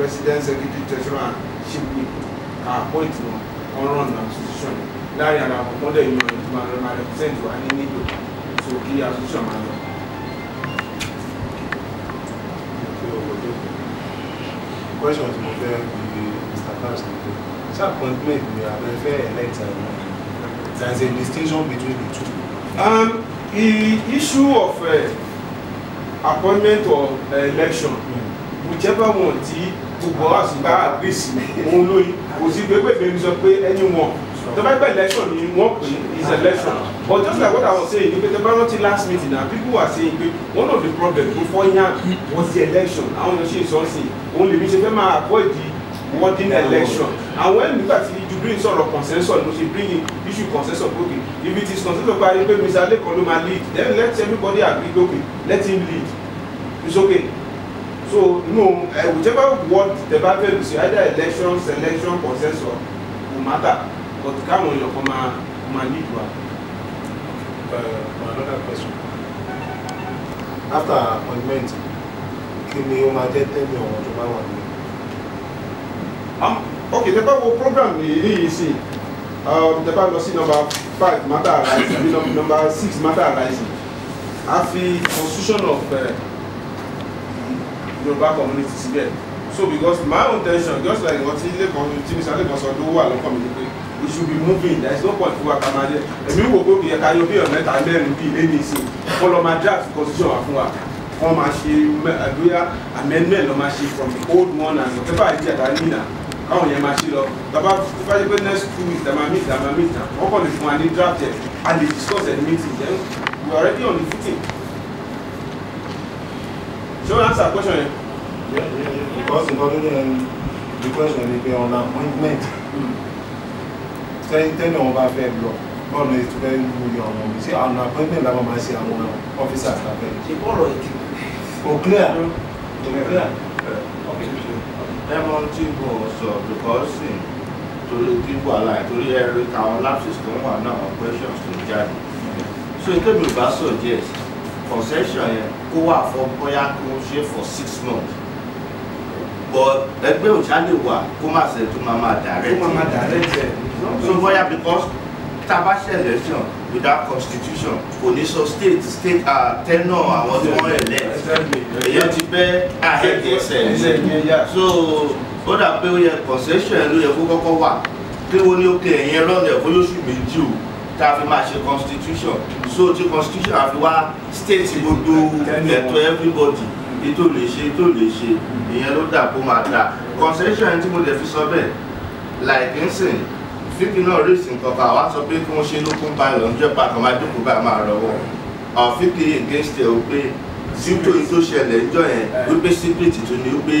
president secretary treasurer and chief whip ká appoint wọn run na association láàrin ara wọn wọ́n dẹ̀ yan ẹni tó represent wa ní nílò so kí association máa question tí mo fẹ́ bi mr kass ni pé ṣé appointment ni abẹ́fẹ́ elect àná there is a distinction between the two. Um, the issue of uh, appointment or uh, election mm. whichever one ti gbogbo àṣìbá àgbèsì òun lóyún kò sí pépèpè mi sọ pé ẹni wọn tó bá gbẹ election ni wọn pè is election but just like what i was saying nígbà tó bá rántí last meeting na people were saying pé one of the problems before yan was the election àwọn èèyàn ṣe ń sọ ọ́n sí òun lèmi ṣe fẹ́ máa avoid the wording election and when nígbà tí you bring sọ̀rọ̀ consensus ló ṣe bring in issue consensus gbòkè if it is consensus parí pé mr lẹ́kọ̀ọ́ ló máa lead then let everybody agree gbòkè let him lead it's okay so no uh, whichever word the bá fẹ́ lù either election selection consensus kò matter but káwọn on, your máa máa ní ìdùnnà. another question after appointment kí ni ó máa jẹ́ tẹ́lẹ̀ ọ̀hún tó bá wà ní. Um, ok tẹ bá wo program yìí sí um, tẹ bá lọ sí nọ́mbà five matter arising àbí nọ́mbà six matter arising a fi constitution of. Uh, Yorùbá community síbẹ̀ so because my own tension just like ọtí lẹ́kọ̀ọ́ tí mr lẹ́kọ̀ọ́ sọ ló wà lọ́kàn mi ni pé we should be moving there is no point fún wa ká máa jẹ èmi wò pé òkè káyọ bí ọ̀nà ẹ̀ta mẹ́rin bíi lé ní ìsìn kọ́ lọ máa draft constitution wa fún wa wọ́n máa ṣe àdúyà amendment lọ́ máa ṣe from the old one and whatever idea that mean na káwọn yẹn máa ṣe lọ bàbá tó bá jẹ pé next two weeks dàmà meet dàmà meet na wọ́n kàn lè fún wa ní draft yẹn a lè discuss at the meeting then we are already on the footing. ṣé wọ́n answer question yẹn because nǹkan tó ní ẹni depression On pé ọ̀nà appointment tẹ́ni wọn bá fẹ́ lọ bọ́ọ̀lù ètò fẹ́ lu ìyá ọ̀nà mi sí ọ̀nà appointment làwọn máa ṣe àwọn officers lábẹ́. ṣe bọ́ọ̀lù ètò. kò clear kò clear. diamond tí mo sọ because torí dípò àlà ìtorí ẹrí àwọn lapses tó ń wà náà àwọn questions tó ń jáde so ìtẹ́bí ò bá sọ díẹ̀ concession yẹn kó wà fún bóyá kó ṣe for six months but ẹgbẹ́ òṣà lè wà kó má ṣe tó máa máa direct tó so bóyá because tá a bá ṣe election without constitution kò ní sọ state state uh, ah, tenure àwọn tí wọ́n elect èyàn ti bẹ́ àhẹ́gẹ́sẹ̀ so ó dà pé ó yẹ concession ló yẹ kó kọ́kọ́ wà kí wọ́n ní òkè ẹ̀yìn rọ́ọ̀nù ẹ̀kọ́ yóò ṣù méjì o tá a fi máa ṣe constitution so ti constitution àfi wá state gbogbo ẹ̀tọ́ everybody ètò lè ṣe ètò lè ṣe ìyẹn ló dà kó máa dà concession tí mo dẹ̀ fi sọ bẹ́ẹ̀ like nsìn fífi náà rí ìsìn kankan àwa sọ pé kí wọ́n ṣe lókun báyìí lọ́njọ́ pa kan máa dúkùú bá máa rọwọ́ ọ̀fíìkì against ẹ̀ wípé sípò tó ṣẹlẹ̀ ńjọ́ yẹn wípé secret tó ní wípé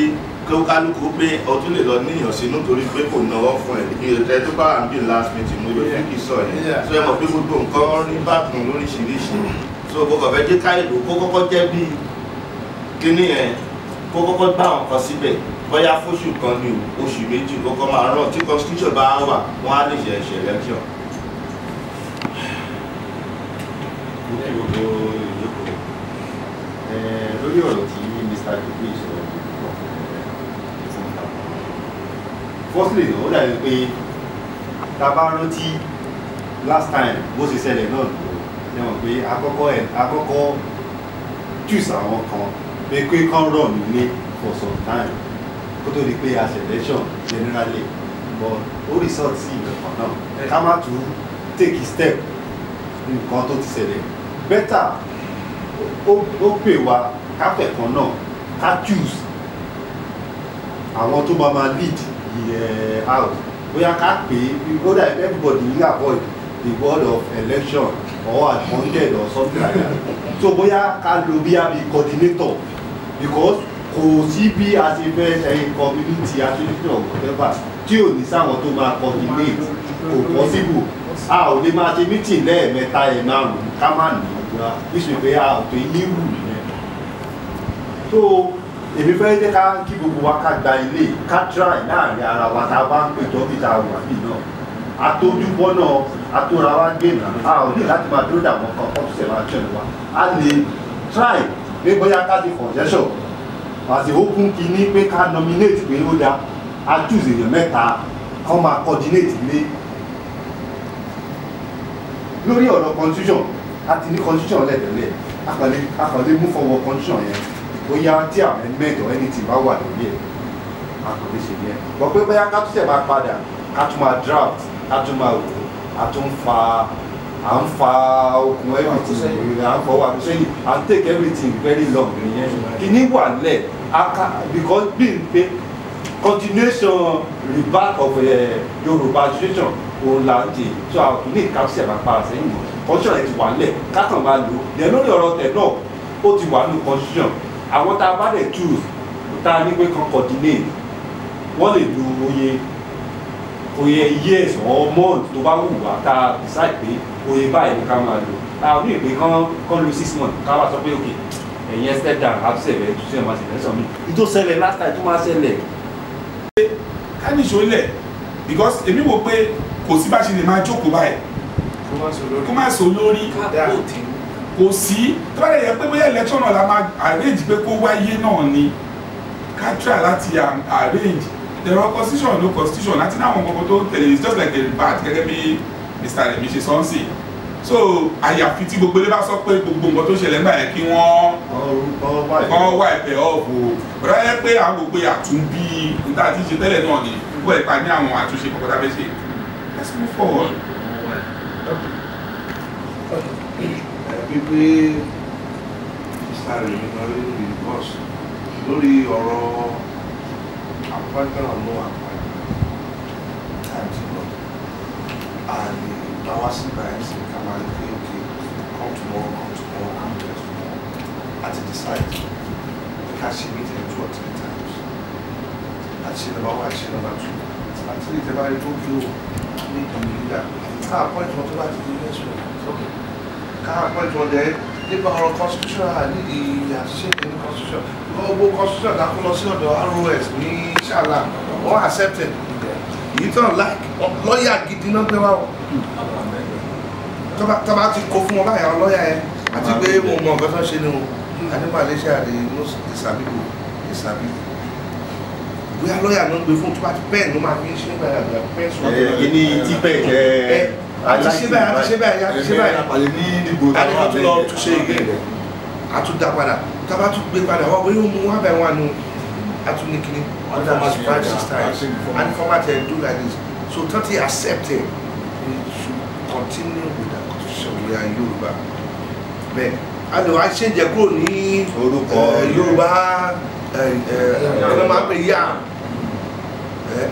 kókálukú pé ọtún lè lọ níyàn sínú torí pé kò náwó fún ẹ kí ẹ tó bá ń bí last meeting mo lọ fi kì í sọ yẹn tó ẹ mọ̀ pé gbogbo nǹkan rí bákun lóríṣiríṣi tó gbogbo ọ̀fẹ́ jẹ́ káyọ̀ kó kọ́kọ́ jẹ́ bíi kíní yẹn kó kọ́kọ́ bá àwọn kan síbẹ̀ bóyá fóṣù kan ni oṣù méjì kọ́kọ́ máa rán tí constitution bá wà wọ́n á lè ṣe ẹ̀ṣẹ̀ election. lórí ọ̀rọ̀ tí Mr. dupé sọ firstly ó dàbí pé tá bá rántí last time bó ṣe ṣẹlẹ̀ náà lẹ́wọ̀n pé àkọ́kọ́ àkọ́kọ́ choose àwọn kan pé pé kán rọ̀ nílé for some time kó tó di pé a selection generally but ó result sí ìrẹ̀pọ̀ náà ká má tún take a step nǹkan tó ti ṣẹlẹ̀ better ó pè wá káfẹ̀ kan náà ká choose àwọn tó bá máa lead eh, out bóyá ká pè é ó dà everybody yín avoid the word of election or appointed or something like that so bóyá ká lo bí i coordinator because kò sí bí a ṣe fẹ́ ṣe community attribution whatever tí ò ní sáwọn tó máa coordinate kò possible a ò lè máa ṣe meeting lẹ́ẹ̀mẹ́ta ẹ̀ márùn-ún ká má ní ìgbà níṣẹ́ pé a ò tó ní rù nìyẹn. so èmi fẹ́ jẹ́ ká kí gbogbo wa ká gba ilé ká try láàrin ara wa tá a bá ń péjọ bí ta wà bí náà atójúbọ́nà atóra gbé náà a ò ní láti máa dúró dàwọn kan observation wa a lè try pé bóyá ká di congestion àti ó kún kínní pé ká nominate pé ó da a choose èèyàn mẹ́ta kán máa coordinate lé lórí ọ̀rọ̀ constitution àti ní constitution lẹ́tẹ̀lẹ́ àkànlé àkànlé mú fọwọ́ constitution yẹn bóyá tí amendment or anything bá wà lórí ẹ̀ àkànlé ṣe yẹn wọ́n pé bóyá ká tún ṣẹ̀ máa padà ká tún máa draft ká tún máa wò ká tún fa à ń fa okun everything à ń fọwọ́ àbísẹ́yìn à take everything very long nìyẹn kìíní wà lẹ̀ aka because bí n pe continuation rebirth of eh, Yorùbá tradition òun là ń jẹ so àwọn kò ní ìkàpsẹ̀ bá pa àsẹ́yìn constitution rẹ̀ ti wà lẹ̀ kákan máa lò then lórí ọ̀rọ̀ tẹ̀ náà ó ti wà nù constitution àwọn tá a bá dẹ̀ choose tá a ní pé kan coordinate wọ́n lè lu oyè oyè years or months to bá wù wá tá decide pé oye báyìí ni ká máa lò àwọn ìpè kan kan lu six months ká wà sọ pé òkè ẹ̀yin ẹsẹ̀ dà àbúṣẹ̀lẹ̀ tuntun ẹ̀ máa ṣẹlẹ̀ sọ mi ìtò ṣẹlẹ̀ last time tó máa ṣẹlẹ̀. ká ní ìṣó lẹ̀ because èmi wò pé kò sí bá ṣe lè máa jókòó báyìí kó má so lórí kò sí tó bá lè yẹ pé bóyá election náà la máa arrange pé kó wáyé náà ni ká try láti um, arrange there are constitution no constitution àti náà àwọn kankan tó tẹ̀lé it's just like a bat gẹ́gẹ́ bí mr remi ṣe so àyàfi tí gbogbo ilé bá sọ pé gbogbo nǹkan tó ṣẹlẹ̀ nígbà yẹn kí wọ́n wọ́n wà ẹ̀bẹ̀ ọ̀bù rárá yẹ pé àwọn gbogbo àtúnbí níta ti ṣe tẹ́lẹ̀ náà ni wọ́n ẹ̀ka ní àwọn àtúnṣe kọ̀ọ̀kan tá a fẹ́ ṣe let's move forward. pípé ìsàlẹ̀ ìgbàlódé bọ́ọ̀sì lórí ọ̀rọ̀ àpáńtà náà and tawasi báyìí sì ká máa gbé òkè come tomorrow come tomorrow come next tomorrow àti decide ká ṣe meeting two or three times àti ṣe number one àti ṣe number two àti ìjọba rí tó kí o ní ìdùnnú yíyá ká appoint wọn tó bá ti di next week appoint wọn dẹ nípa ọ̀rọ̀ constitution nídìí àṣìṣe ní constitution gbogbo constitution dákú lọ sí ọ̀dọ̀ ros ní ṣàlà wọ́n accepted ìtàn lọ́ọ̀yà gidi náà gbé wá o tọ́ba ti kó fún wọn báyà lọ́ọ̀yà yẹn àti pé mo mọ nǹkan tó ṣe ni o àní Malaysia rè no ìsàbíbò ìsàbíbò bóyá lọ́ọ̀yà náà gbé fún tó bá ti pẹ́ẹ̀ ló máa fi ń ṣe nígbà yàgbà pẹ́ẹ́ sọ̀rọ̀ ẹ̀ ẹ̀ ní tí pẹ́ẹ́ kẹ́ àti ṣe báyìí àti ṣe báyìí àti ṣe báyìí àti ká tún lọ tún ṣe igi àtúndà padà tá bá tún gbé padà wọ́n bóyá ó mú wá bẹ̀ wọn àánú àtúnikiri other five, six times. And come out and do like this. So Tati accepted. We should continue with that constitution. We are Yoruba. But I know I change the kúrò ní eh, Yoruba ẹ̀rọ eh, eh, máa ń pè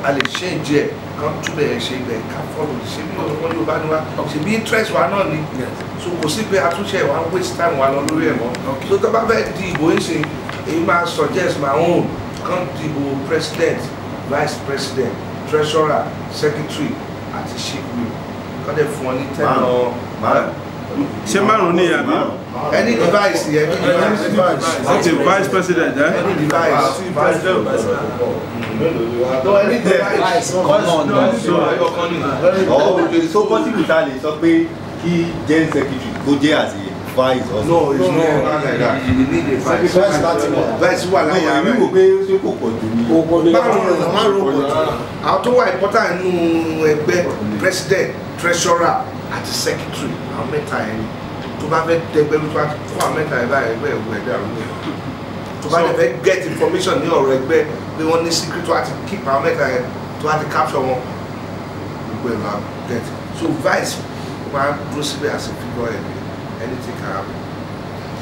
a lè ṣe ń jẹ kan túbẹ̀ ẹ̀ ṣe ibẹ̀ ká fọ́lù ṣe bí ọdún Yorùbá ni wá ṣe bí interest wa náà ni so kò sí pé àtúnṣe wa ń waste time wa lọ lórí ẹ̀ so tó bá fẹ́ di ìbò ìsìn èyí máa suggest my own country president vice president treasurer secretary àti chief whip kọ́dẹ̀ fún ọ ní tẹ́lẹ̀ ṣe márùn ní àbí any device yẹn any device okay vice president eh? any device vice president no any device kọ́sì náà so ayọ̀kan ni. ọ̀hún tó kọ́sì kùtà lè sọ pé kí jẹ́ secretary kó jẹ́ àti advice or no it's no, no not like that you need advice advice láti wà advice wà láyà rẹ no èmi wò pé ṣé kò pọ̀ jù ní. o kò lè báwo ni màá rò pọ̀ jù àwọn tó wà important nínú ẹgbẹ́ president treasurer àti secretary àwọn mẹ́ta yẹn tó bá fẹ́ dẹgbẹ́ ló tó bá fún àwọn mẹ́ta yẹn báyìí ẹgbẹ́ ìwé ẹ̀dá rẹ tó bá lè fẹ́ get information ní ọ̀rọ̀ ẹgbẹ́ pé wọ́n ní secret tó àti keep àwọn mẹ́ta yẹn tó àti capture wọn gbogbo ẹ̀ máa get so vice máa dúró síbẹ̀ àti figure ẹ̀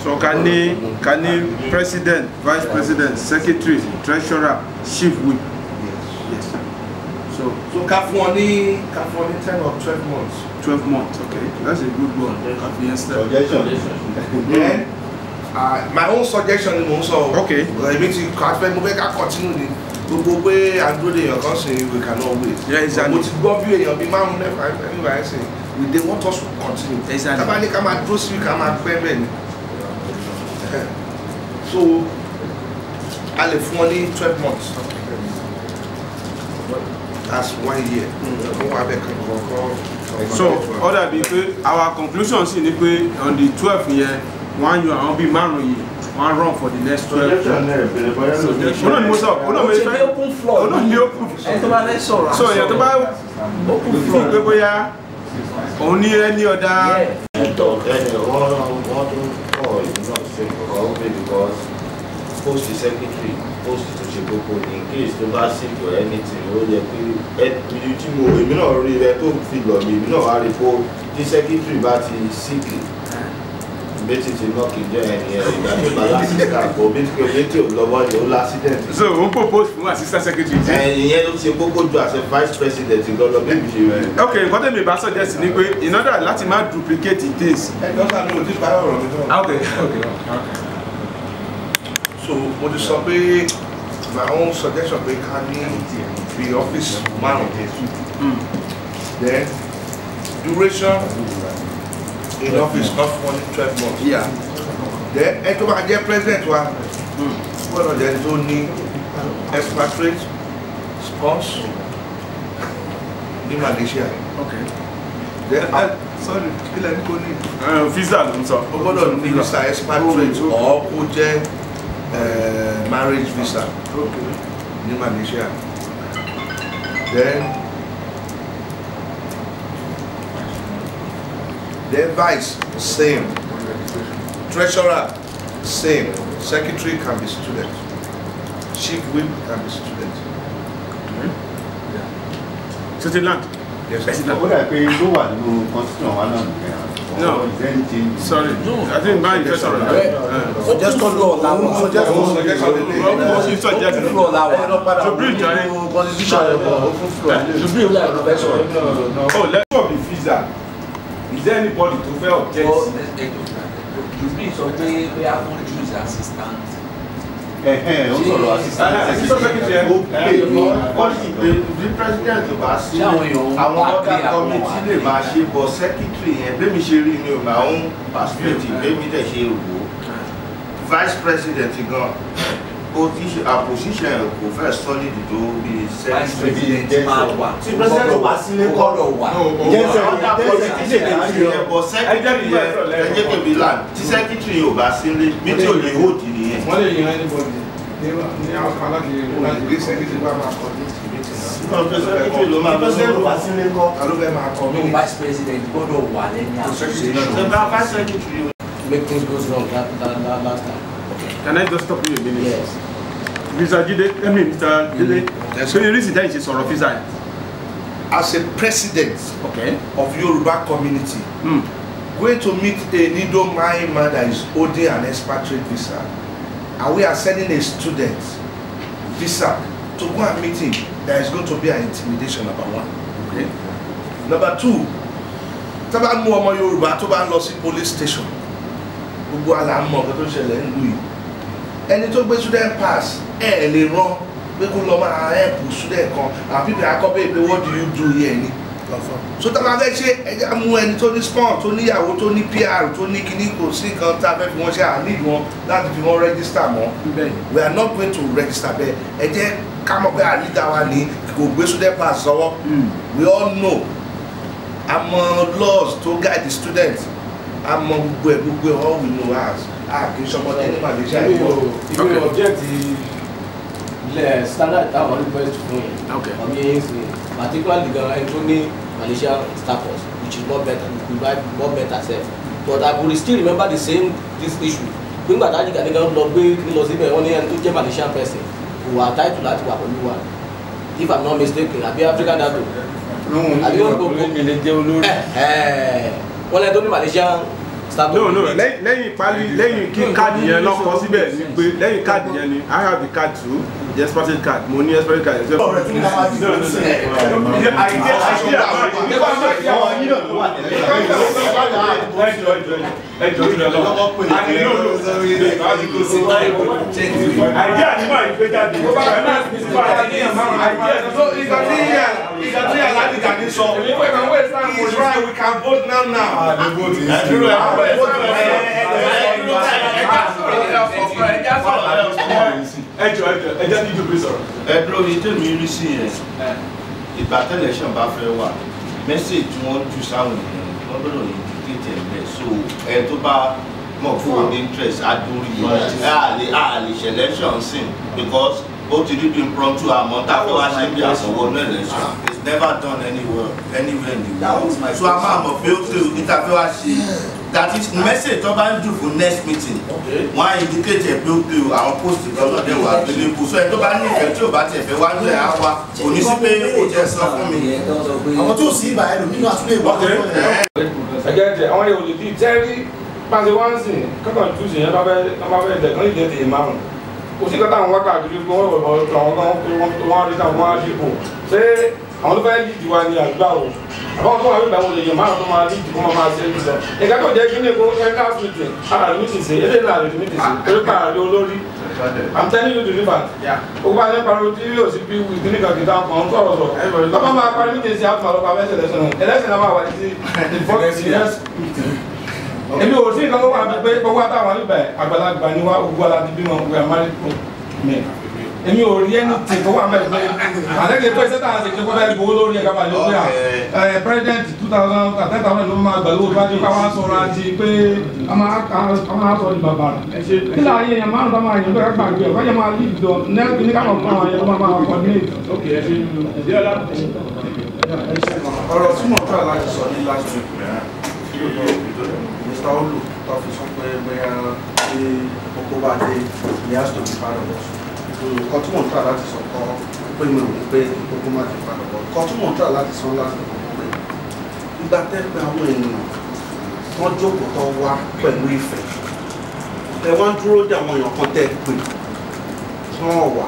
So can the, can the president, vice president, secretary, treasurer, chief whip? Yes. Yes. So so Kafwani Kafwani ten or twelve months. Twelve months. Okay, that's a good one. Suggestion. Suggestion. Then uh, my own suggestion is also Okay. I mean to afẹ́ mo fẹ́ ká continue ni gbogbo and do the your sìn we cannot wait. Yeah, exactly. But ti gbọ́ bí èèyàn bíi márùn-ún mẹ́fà ẹ̀mí we dey want us to continue. exactly tábà ní ká dúró sí ká máa pẹ́ bẹ́ẹ̀ ni so a lè fún ọ ní twelve months that's one year fún hmm. wa bẹ́ẹ̀ kankan kan. so ó dàbí pé our conclusion sì ni pé on the twelve yẹn wọ́n á yan àwọn bíi márùn-ún yìí wọ́n á run for the next twelve years. ó náà ni mo sọ ó náà mo fẹ́ ó náà ni open floor. ẹni tó bá fẹ́ sọ̀rọ̀ àṣọ so èèyàn open floor gbé bóyá òun ní ẹni ọ̀dà. ẹ̀tọ́ ẹni wọ́n wọ́n tún kọ̀ ìlú náà ṣe kọ̀ọ̀kan ó bẹ̀ because post secretary post tó ṣe gbogbo ní case tó bá sì jọ anything ó yẹ pé ẹni tí mo èmi náà rí rẹ tó fi lọ mi èmi náà wá rí i pé tí secretary bá ti sick méjì ti náà jẹ́ ẹni ẹ̀ ìgbàgbọ́gbà lásìkò àpò méjì pé méjì ò lọ́wọ́ yìí ó lásìdẹ̀t. so o n propose fún assistant secretary. ẹyin yẹn ló ṣe kókó ju àṣẹ vice president lọ́lọ́ bébí ṣe rẹ̀. ok nǹkan tẹ̀mí bá suggest ni pé in order láti má duplicate this. ẹ dọ́kítà mi ò ti parí ọ̀rọ̀ mi náà. ok ok. so mo ti sọ pé my own suggestion pé ká ní the office márùn-ún hmm. then duration in office not for only twelve months. Yeah. Then ẹ tó bá jẹ́ president one? gbọ́dọ̀ jẹ́ tó ní expatriate sponsor in Malaysia. Okay. Then uh, sorry kílẹ̀ ní kò Uh, visa I'm sorry. sọ. o gbọ́dọ̀ visa expatriate oh, or kó jẹ́ marriage visa in Malaysia. Then. The vice, same. Treasurer, same. Secretary can be student. Chief whip can be student. Mm-hmm. Yeah. So the land? Yes. Yes. What I pay, you are no constituent one of No. Sorry. No. I think my treasurer. So just call law now. So just call law. You suggest law now. To bring your constitution. To bring your profession. Oh, let there anybody to fẹ́ object. ọ jùlọ sọ pé bóyá fún jews assistant. ó sọ̀rọ̀ assistant. assistant secretary ó pè mí kọ́sì pé bí president bá sí àwọn other committee lè máa ṣe bọ̀ secretary yẹn bẹ́mi ṣe rí ni o my own perspective bẹ́mi dẹ̀ ṣe wò ó ah. vice president gan opposition kò fẹ́ sọ́lìdì tó bí sẹ́ńtì bí máa wà tí pẹ́sẹ́ńtì wá sílé kọ́lọ̀ wà ìjẹ́sẹ̀ ọ̀dà pọ́lítíṣẹ̀ lè ti tí sẹ́kítírì yóò bá sílé mi tí ò lè hold nìyẹn. wọ́n lè yan anybody ní àwọn alákìyẹ láti gbé sẹ́kítírì bá máa kọ́ ní pẹ́sẹ́ńtì wá sílé kọ́ ló máa kọ́ mí. vice president gbọ́dọ̀ wà lẹ́ni àṣẹ ṣe é ṣe. making things go wrong that that that last time. Can I just stop you a minute? Yes. Mr. Jide, I mean, Mr. Jide, mm. so the reason that is sọ̀rọ̀ visa. As a president okay. of Yoruba community, mm. going to meet a Nido Mai man that is holding an expatriate visa, and we are sending a student visa to go and meet him, there is going to be an intimidation, number one. Okay. Number two, tó bá mú ọmọ Yorùbá tó bá ń police station, gbogbo àlà mọ̀ ọ̀gá tó ṣẹlẹ̀ ń lù ẹni tó gbé student pass ẹ lè rán pé kó lọ máa help student kan àbí bí akọ́bẹ̀ pé what do you do here ni so tá a máa fẹ́ ṣe ẹja mú ẹni tó ní spawn tó níyàwó tó ní PR tó ní kíní kò sí nǹkan tá a fẹ́ fi wọ́n ṣe àní wọn láti fi wọ́n register mọ́ we are not going to register bẹ́ẹ̀ ẹ jẹ́ ká mọ̀ pé àlídà wa ní kò gbé student pass sọ́wọ́ hmm. we all know àmọ́ laws tó guide the students àmọ́ gbogbo ẹ̀ gbogbo ẹ̀ all we know as àkìí ah, sọmọdé Malaysia yìí o. which is more better we buy more better sef but I will still remember the same this issue nígbà tá a jìgà nígbà lọ gbé lọ síbẹ̀ wọ́n ní ẹni tó jẹ́ Malaysian person kò wà táìtù láti wà pẹ̀lú wa if I'm not mistaken àbí African dado àbí wọn kò kó wọ́n lẹ́ni tó ní Malaysian no no lẹ́yìn ìparí lẹ́yìn kí káàdì yẹn lọ́kọ síbẹ̀ ni pé lẹ́yìn káàdì yẹn ni i have the card too. Yes, party card money, yes, party card. know ọ̀rẹ́ tí mo máa ti dùn sí ẹ̀. àìjẹ́ àìjẹ́ àwọn know, I àwọn yìí náà ló wà I ẹjọ́ ẹjọ́ ẹjọ́ ìjọ lọ àdìrí òdo àìjẹ́ àdìmọ̀ ìgbéjáde ẹ̀ náà ti fún àìjẹ́ àìjẹ́ ìgbà tí yà ìgbà tí yà láti kàdé sọ he's right we can vote now now. I ẹ̀ ẹ jọ ẹ jọ rí sí yẹn ìgbà tẹlẹsàn bá fẹ́ wà mẹ́sẹ̀jì tí wọ́n ju sáwọn èèyàn wọ́n gbọ́dọ̀ ní dídé tẹ̀lé so ẹ tó bá mọ̀ fún un ní interest adúrí àlè àlè selection sin because ó ti rí bí impromptu àmọ́ tá a fẹ́ wá ṣe bí àsanwó náà lẹ́sùn it's never done anywhere anywhere in the world so a máa mọ̀ pé ó tẹ̀ òkúta fẹ́ wá ṣe that is message tó bá ń dùn fún next meeting Okay. wọ́n á indicate ẹ̀ pé ó pé o àwọn post lọ́nà dẹ̀ wà available so ẹ tó bá ní ìfẹ́ tí ò bá tẹ̀ fẹ́ wá ní ẹ̀ á wá kò ní sí pé kò jẹ́ sọ fún mi. àwọn tó sì bá ẹlò nínú àtúndé ìwà tó lọ. ẹgẹ jẹ àwọn yòòlù bíi tẹrí pàṣẹ wá ń sìn kọkàn tù sí yẹn bá fẹ́ tẹ̀ kán lè jẹ́ tèè márùn kò sí kọ́tà àwọn wákàtí wípé wọ́n rọ̀ àwọn tó fẹ́ líìdì wa ni àgbà o àbáwọn tó wà wípé àwọn èèyàn márùn tó máa líìdì kó máa ṣe é lùsọ ìka tó jẹ́ kí ní ẹkún ẹ̀ka mìtìn ara rẹ̀ mìtìn ṣe náà rẹ̀ mìtìn ṣe torí pa àrẹ olórí i'm telling you the river ogun èmi ò sí nǹkan tó wà pé owó àtàwọn àgbàlagbà ni wá gbogbo alábíbí wọn gbogbo àmàlẹ́kùn mi èmi ò rí ẹni tì tó wà mẹ́rin pé àtẹ́kẹ́ pé sẹ́tà àti ìjọba bá gbowó lórí ẹ̀ka balẹ̀ ó pé à ẹ̀ president two thousand àtẹ́ thousand ló máa gbàlówó bá dé káwá sọ̀rọ̀ àti pé a máa sọ ní bàbá rẹ̀ kí là yẹ yẹn márùn táwọn àyẹ̀wò ká gbàgbé ẹ̀ wáyé máa lead dọ̀ nẹ́ẹ̀kì ní káwọn fún àwọn àyẹ̀wò máa coordinate. last week eh, Mr. Olu tó fi sọ pé bóyá pé kókó bá he has to be part of us nǹkan tí mò ń tà láti sọ kọ́ pé mi ò ní pé gbogbo má ti padà bọ̀ nǹkan tí mò ń tà láti sọ láti kọ́kọ́ pé ìgbà tẹ́gbẹ́ àwọn ènìyàn wọ́n jókòó tó wá pẹ̀lú ìfẹ́ ẹ wá ń dúró de àwọn èèyàn kan tẹ́ wọ́n wà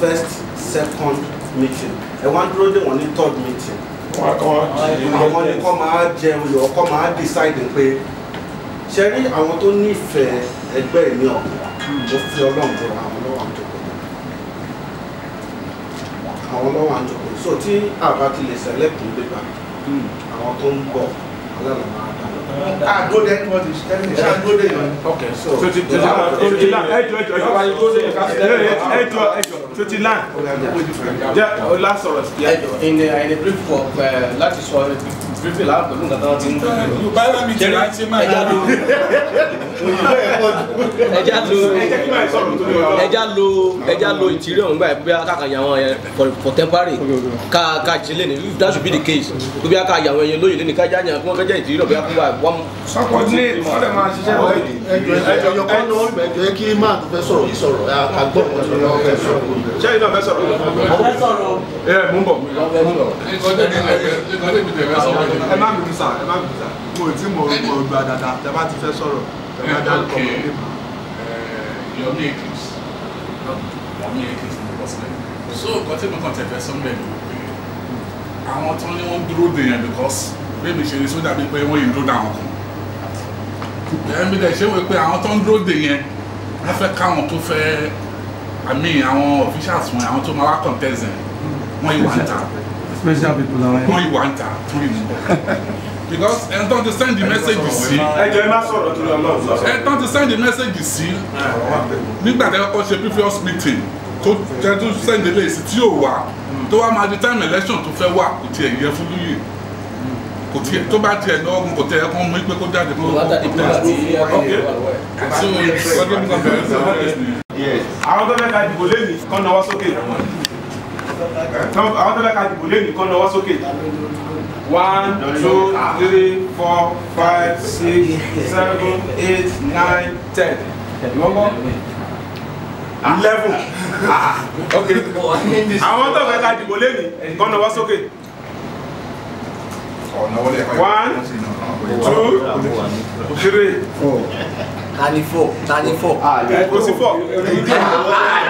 first second meeting ẹ wá ń dúró de wọ́n ní third meeting àwọn ni kọ́ máa jẹ oyè ọkọ́ máa decide pé ṣe rí àwọn tó nífẹ̀ẹ́ ẹgbẹ́ ìní ọ̀gbìn mo fi ọlọ́run bọ̀ra wọn. àwọn náà wà ń jòkó so tí àbá ti lè select ní pépà hmm. àwọn tó ń bọ̀ ọlọ́run máa dá lọ. àgóde kí wọ́n ti ṣe tẹ́lẹ̀ ṣe àgóde yẹn. ok so tó ti lan ẹjọ ẹjọ ẹjọ ẹjọ ẹjọ tó ti lan jẹ ọlá sọ̀rọ̀ sí i. in a in a brief work uh, láti sọ ẹ fífi là pẹ̀lú nǹkan tí ti ń yorùbá ẹ̀rọ mi jẹ̀rọ àti máa ẹja lo ẹja lo ẹja lo ẹja lo ìtìrí ọ̀hún gbà bí akáka yà wọn yẹn for temporary ká ká jí lé if that should be the case tó bí aká yẹn lóye lé ní kájá yẹn fún ọkẹ́jẹ́ ìtìrí ọ̀bí akúwà wọ́n. sọkọ ní ọ̀rẹ́ máa ṣiṣẹ́ lọ èdè. ẹjọ ẹjọ ẹjọ kí máa tó fẹ́ sọ̀rọ̀ yìí sọ̀rọ̀ àgbọ̀ ṣé iná fẹ́ sọ̀rọ̀. ẹ mú bọ̀ ẹ má bínú sà ẹ má bínú sà mo ò tí mo mo gba dada tẹ bá ti fẹ́ sọ̀rọ̀ tẹ bá dá lùkọ mọ nípa. Yomi Ekins Yomi Ekins ní bọ́sílẹ̀ so nǹkan tí mo kàn tẹ̀ fẹ́ sọ́nbẹ̀ ni àwọn tó ní wọ́n dúró dèèyàn because bébí ṣe ní sódà bíi pé wọ́n yìí dúró dáhùn kan ẹ̀mí dẹ̀ ṣé wọ́n pé àwọn tó ń dúró dèèyàn wọ́n fẹ́ káwọn tó fẹ́ àmì àwọn officials wọn àwọn tó máa wá contest wọn yìí wá ń ta. Special people làwọn yẹn. Eh? Wọ́n yìí wà ń ta torí mi. Because ẹ̀ don't send the message sí. Ẹ jẹ́ ẹ má sọ̀rọ̀ torí ọlọ́run sọ̀rọ̀. Ẹ tán send the message sí. Ah, nígbà tí ọ ṣe previous meeting tó tẹ́ tó send the message tí yóò wá tó wá máa time election tó fẹ́ wá kò tiẹ̀ yẹ To lóye kò tiẹ̀ tó bá tiẹ̀ lọ́wọ́ kò tiẹ̀ kọ́ mú pé kó jáde kó kó tẹ̀ ọ́ so ọdún mi kan bẹ̀rẹ̀ sí ọdún mi. Àwọn tó fẹ́ ka dìbò lé mi kọ́ náwó sókè àwọn tó dáka dìbò lẹ́yìn kan lọ́wọ́ sókè one two three four five six seven eight nine ten more. eleven ah, Okay. I want to àwọn tó dáka dìbò lẹ́yìn kan lọ́wọ́ sókè one two three four. Ninety four Ninety four. ah kò sí four. Ah,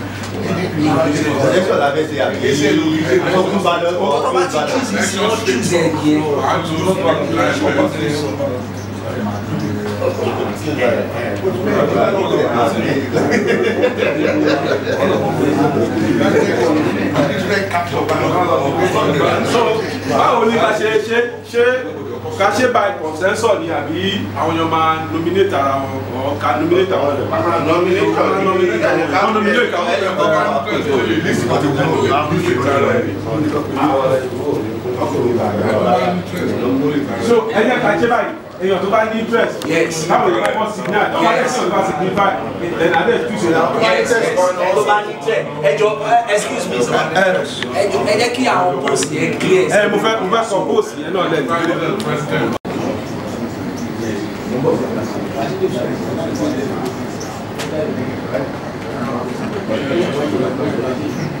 Automatique, báwo ni ká ṣe ṣe ṣe ká ṣe by consensus ni àbí àwọn èèyàn máa nominate ara wọn or ká nominate àwọn ọ̀dọ̀. ká nominate àwọn nominate àwọn nominate àwọn ọ̀dọ̀ ká list pàtó kúrò ká nominate àwọn ọ̀dọ̀. so ẹ jẹ́ ká ṣe báyìí èèyàn tó bá ní interest láwọn èèyàn kọ́ sí náà tọ́ba tẹ̀sán bá sì ní báyìí then adé tún ṣe náà. tó bá ní interest ẹjọ excuse me sir ẹjọ ẹ jẹ́ kí àwọn post yẹn clear. ẹ mo fẹ́ mo fẹ́ sọ post yẹn náà lẹ́nu. Thank you.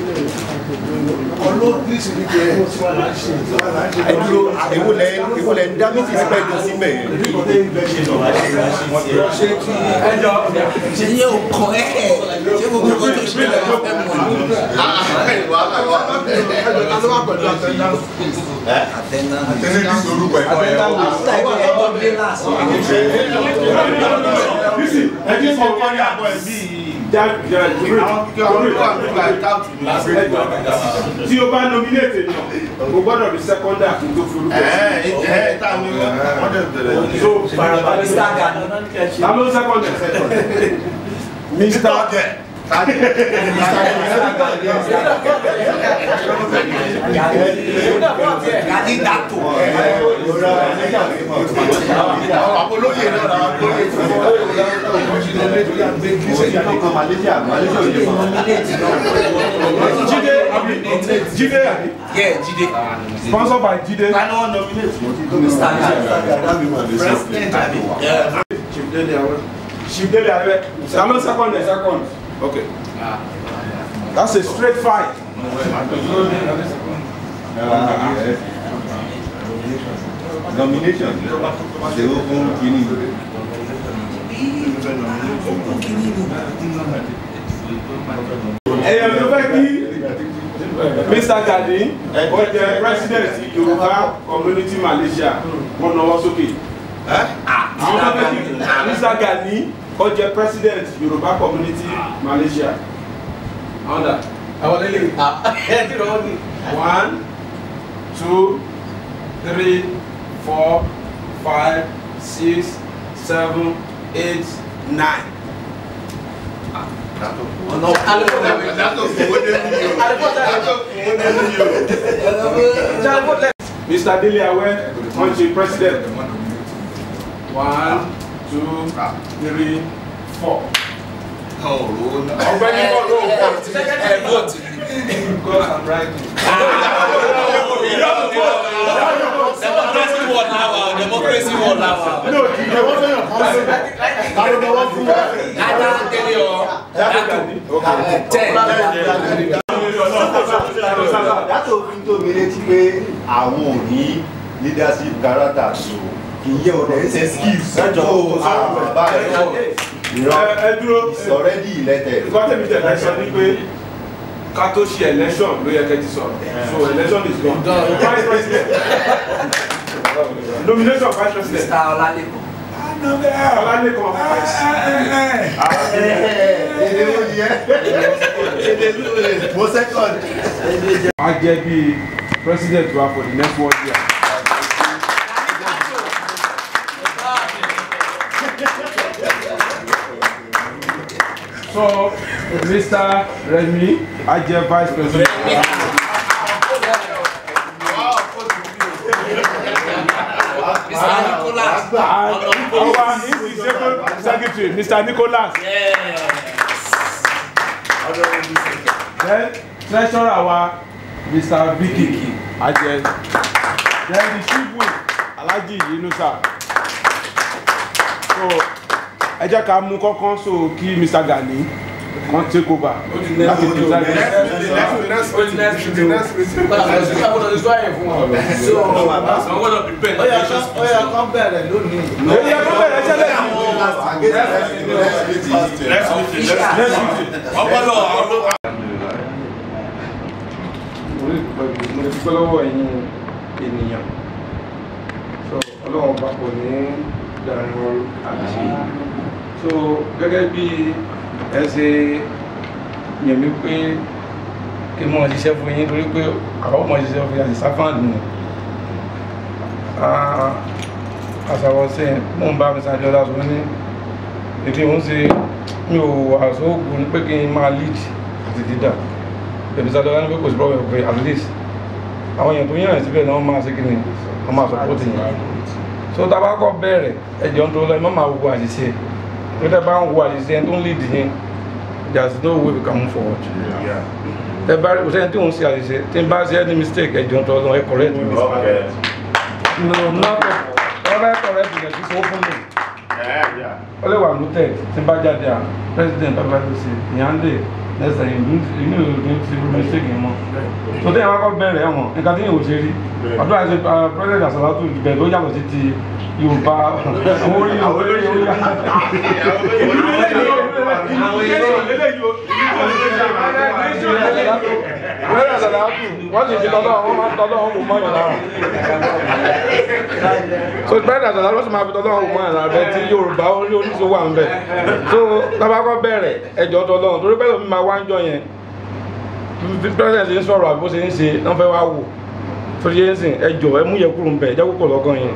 ẹdúró èwo lẹ èwo lẹ ń dá mí títí pẹ́ẹ́jọ síbẹ̀ yẹn. ẹjọ ṣe yẹ o kọ ẹ ṣe gbogbo ọkọ tó ṣe lọ ẹ mọ ni. àtẹnà àtẹnà ní orúkọ ẹkọ ẹ o. àtẹnà ẹkọ ẹkọ bí lásán. ẹ jẹ́ sọ̀rọ̀ kọ́ni àbọ̀ ẹ̀ bíi that great tí o bá nominate èèyàn o gbọ́dọ̀ bí second act tó fi orúkọ sí eh, eh, eh, i. so barabarista gani. ta ló second act. mr. Gadi dato. Apolóye náà la apolóye tó fọ́. Jide Jide Jide Yeah Jide. Sponsored by Jide. Kano nominate. Mr. Jide. President Jide. Chief Dele Awe. Chief Dele Awe. Salon second second. Okay. Ah. That's a straight fight. Uh, ah, nomination. The open kini. Hey, kini. Ẹyẹ tó fẹ́ kí Mr. Gani, ọ̀jẹ̀ Community Malaysia, wọ́n náwó sókè. Mr. Gani ó jẹ́ president Yorùbá community Malaysia Under. àwọn ilé ìta ah, ẹ ti lọ́wọ́ ni. one two three four five six seven eight nine. Ah, Mr. Dele Awe, wọ́n ṣe president. One, two three four. ọ̀gbẹ́ni kọ́ ló ń bọ̀ I'm bọ́ọ̀tì because i'm writing. democracy wall na wa democracy wall na wa. no the development of housing na the development of housing. dada tẹle ọ dato ten. dátò fi ń tó mi létí pé àwọn ò ní leadership character so kì í yẹ ọ̀dẹ̀ ẹ̀ ṣe skills. ẹ jọ o àrùn bá ẹ dúró ìsọ̀rẹ́dì ìlẹ́tẹ̀. ìgbàtẹ́mi tẹ̀ ẹ sọ ní pé ká tó ṣe election ló yẹ kẹ́ ti sọ̀rọ̀ so election is gone. vice president nomination vice president. mr ọlálẹ́kọ̀. Ah, ọlálẹ́kọ̀ ah, ah, èdè wo ni yẹ èdè ló lè mo second. a jẹ bí president wa for the next one year. So, Mr. Remy Ajẹ, Vice President. Mr. Nicholas. our Institutional Secretary, Mr. Nicholas. Yes. Then, Treasurer wa, Mr. Vicky Ajẹ. Then the chief whip, Alhaji Yunusa ẹ jẹ́ ká mú kọ́kọ́ so kí Mr. Gani wọ́n take over láti fi sáré. mo lè dúpẹ́ lọ́wọ́ ẹ̀yin ènìyàn ọlọ́run bá pọ̀ ní dàrú àti so gẹ́gẹ́ bí ẹ ṣe yẹ̀ mí pé kí mọ̀ ṣiṣẹ́ fún yín torí pé àwọn mọ̀ ṣiṣẹ́ fún yín àti sáfàǹdì nù àṣàwọ̀sẹ̀ mọ̀ ń bá mi sáájú ọlá sọ ní ètò ìhún ṣe mi ò àṣọ ògùn pé kí n máa lead àti dídà èmi sáájú ọlá ní pé kò sí problem pé at least àwọn èèyàn tó yàn síbẹ̀ náà máa ṣe kí ni wọ́n máa sọ pé ó ti yàn so tá a bá kọ́ bẹ̀rẹ̀ ẹ̀jọ̀ tó lọ ẹ̀ má máa wo àṣìṣe tẹ́ bá ń wo àṣìṣe tó lead yín there no way we can move forward. tẹ́ bá kò sẹ́ni tí òun ṣe àṣìṣe tí n bá ṣe any mistake ẹ̀jọ̀ ń tọ́lọ́ ẹ correct mistake. no not all. All ọ̀rẹ́ correct me ẹ̀jú Yeah, mi. ọlẹ́wà ló tẹ̀ tí n bá jáde à president bàbá ló ṣe ìyáǹdè lẹ́sẹ̀ inú you know. rú mistake yẹn mọ́ tó tẹ́yìn wá kọ́ bẹ̀rẹ̀ ẹ̀wọ̀n nǹkan tí yóò ṣe rí ọdún àti president to ìbẹ̀rẹ̀ ó yàtọ̀ sí ti yorùbá àwọn orí àwọn orí orí wẹ́rẹ́ ṣẹlẹ̀ ápù so bẹ́ẹ̀ ṣẹlẹ̀ wọ́n máa fi tọ́lọ́ àwọn mò mọ́yàn tí yorùbá orí oníṣòwò wà ń bẹ̀ so tábàkọ́ bẹ̀rẹ̀ ẹjọ́ tọ́lọ́ torí pẹ́lú mi máa wá ń jọ yẹn president ń sọ̀rọ̀ àbí ṣe ń ṣe wọ́n fẹ́ wá wò torí ṣe ń ń bẹ̀ ẹjọ́ kúkọ̀ lọ́gán yẹn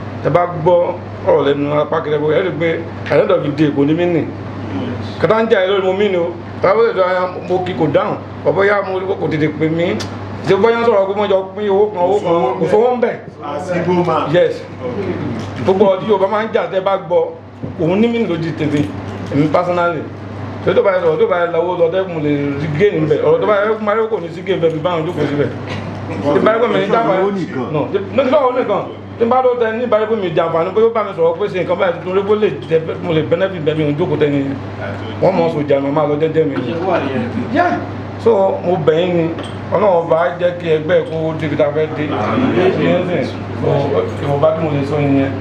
tẹ bá gbọ́ ọ̀rọ̀ lẹ́nu apá kẹrẹ́bù ẹ̀ rí pé àdẹ́dọ̀ fi di èkó ní mí nì kàtà ń jà ẹ lórí mo mí ni o tàbí ètò àyà mo kì kò dáhùn ọ̀bọ̀ yá mo kò tètè pè mí tí bọ́ yán sọ̀rọ̀ gbọ́mọ́jọ pín owó kan owó kan kò fowó ń bẹ̀ yes gbogbo ọdí Yorùbá máa ń jà tẹ́ bá gbọ́ òun ní mí ló di tètè èmi personally tó tó bá yẹ sọ̀rọ̀ tó bá yẹ lọ́wọ́ lọ tẹ́kùn lè rí géèmù bẹ̀ ọ̀rọ̀ tó bá yẹ kó máa kò ní sí géèmù bẹ̀ bí báwọn jókòó síbẹ̀ tí n bá lọ tẹni níbàárẹ̀ pé mi jà àǹfààní pé ó bá mi sọ̀rọ̀ pé ṣe nǹkan báyìí tuntun rébó lè jẹ mo lè benefit bẹ́ẹ̀ mi ò jókòó tẹni wọ́n mọ̀ sójà mi máa lọ jẹ́jẹ́ mi. so mo bẹ̀yìn ni ọlọ́run ọba jẹ́ kí ẹgbẹ́ kó débi tá a fẹ́ dé ìwọ̀nba tí mo lè sọ yẹn.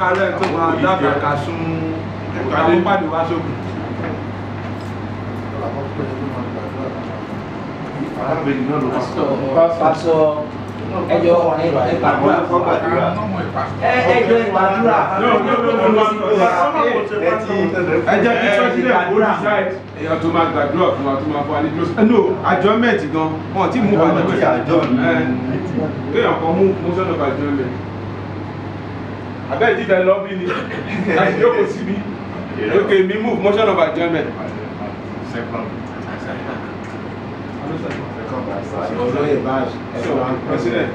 kálẹ̀ tó máa dábàá ká sún ẹ̀ka ló pàdé wá sókè arábìnrin náà ló máa sọ. pásítọ̀ ẹjọ́ ìpàdúrà ẹjọ́ ìpàdúrà ẹjọ́ kí ìpàdúrà èèyàn tó máa gbàdúrà fún wa tó máa fún wa ní close. no àjọ mẹ́ẹ̀tì gan wọn ti mú àjọ mẹ́ẹ̀tì àjọ kéèyàn kan mú mú sọ́nà àjọ mẹ́ẹ̀tì abẹ́ẹ̀ ti fẹ́ lọ bí ni láti jókòó síbí ok mi move motion of adjournment. É presidente,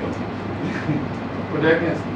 onde é que é?